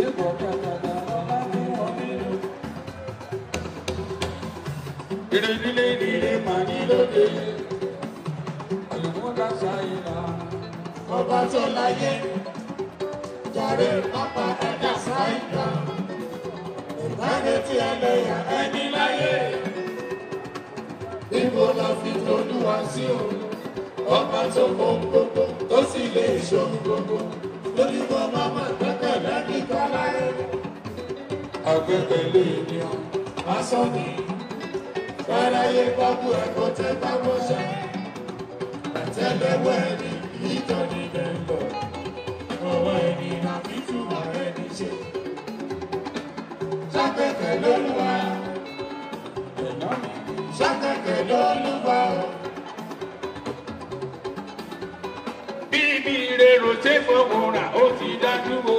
Ire nílé nílé màá ní lóde, àyùmọ́ dáṣà ìlà. Ọba tó láyé, jàre pápá ẹ̀dá sáìdá. Ìbáde tí ẹlẹ́yà ẹni láyé. Ibo la fi tolúwa sí o, ọba tó mọ gbogbo, gbẹ́kẹ̀lé mi o. Má sọ mi, báráyé bá bú ẹ tẹ́ bá bọ́ ṣá. Àtẹ́lẹwọ́ ẹni ìjọ ní bẹ́ńbọ̀. Ọwọ́ ẹni máa fi túmọ̀ ẹni ṣe. Ṣákẹ́kẹ̀ lólúwa. Ṣákẹ́kẹ̀ lólúwa o. Bíbí rẹ̀ rò ṣé fọwọ́ rà ó ti dájú o.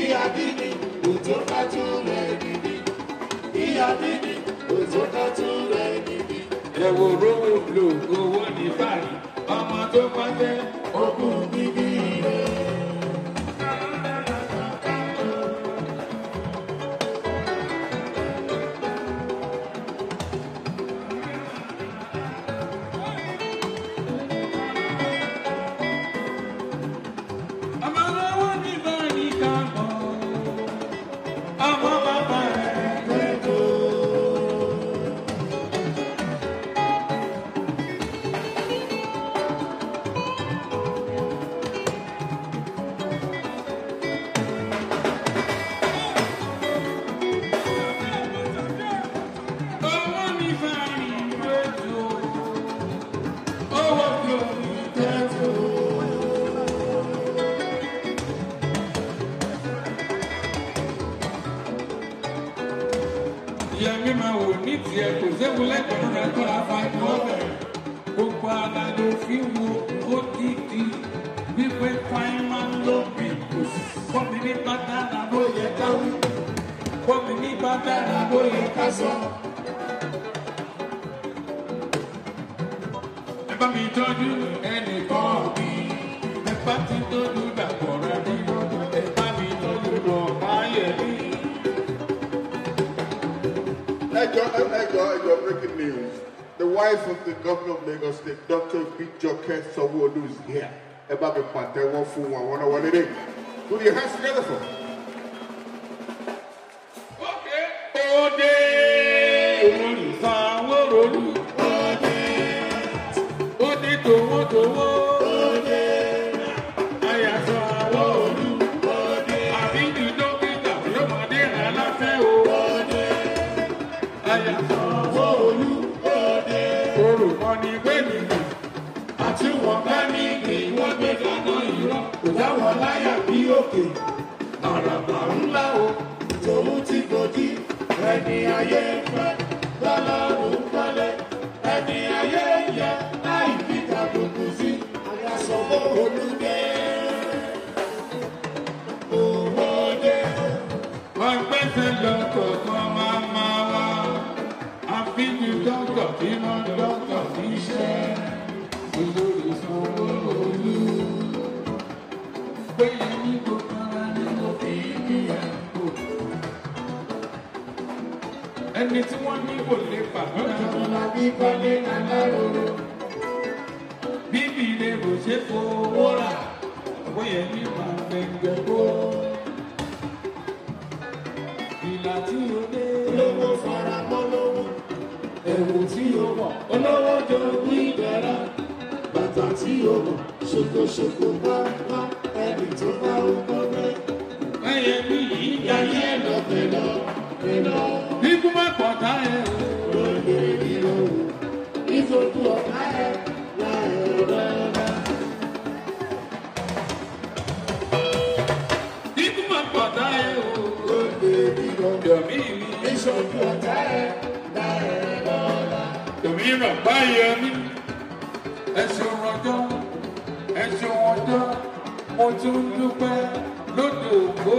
ìyá bíbí òjò ká tún rẹ̀ bíbí ìyá bíbí òjò ká tún rẹ̀ bíbí. ẹ̀wò rówó lò owó ní ọmọ tó pọ́n jẹ́ ogún bíbí. jẹ mímọ wò ní tiẹ̀ kò séwu lẹ́kọ̀ọ́ rẹ̀ tó la fa ikú ọbẹ̀ gbogbo ara fi wo odidi wípé fáínmá ló bì kò bọ́mi ní bàtà làbó yẹ ká wí bọ́mi ní bàtà làbó yẹ ká sọ. ẹ mi tọ́jú ẹnìkan mi ẹ bá ti tọ́jú gbàgbọ́ rẹ ní ẹ mi tọ́jú lọ́ọ́ bá. ẹjọ breaking news the wife of the governor of lagos state dr bijoke sanwoolu is here ẹ bá mi pàtẹ́wọ́ fún wọn àwọn ọ̀nà put your hands together for. orò kan ní gbé nìyí àti wọn bá ní ìgbé wọn gbé dáná irọ́ kò dáwọn láyà bí òkè àràbà ńlá o tòun ti gòdì ẹni ayé fẹ́ lọ́lọ́run pẹ́lẹ́ ẹni ayé. ẹni tí wọ́n ní kò lè pàdé náà bí kọ́lé aláwòrán bíbí ilé kò ṣe fowó rà bóyá ní màá gbẹ̀gbẹ̀ kó. ìlà tí o dé lówó fara mọ́ òwò tí o mọ̀ olówó jogún ìdẹ̀ra bàtà tí o mọ̀ ṣokoṣoko bá bá ẹni tó bá o kọ́ bẹ́ẹ̀. ẹyẹ mi yìí yà yẹ lọ fẹ́ lọ ikú má pọ̀ tá ẹ. mìíràn Báyọ̀mí As you ọjọ́ ẹ ṣeun ọjọ́ mo tún dúpẹ́ lódò ògbó.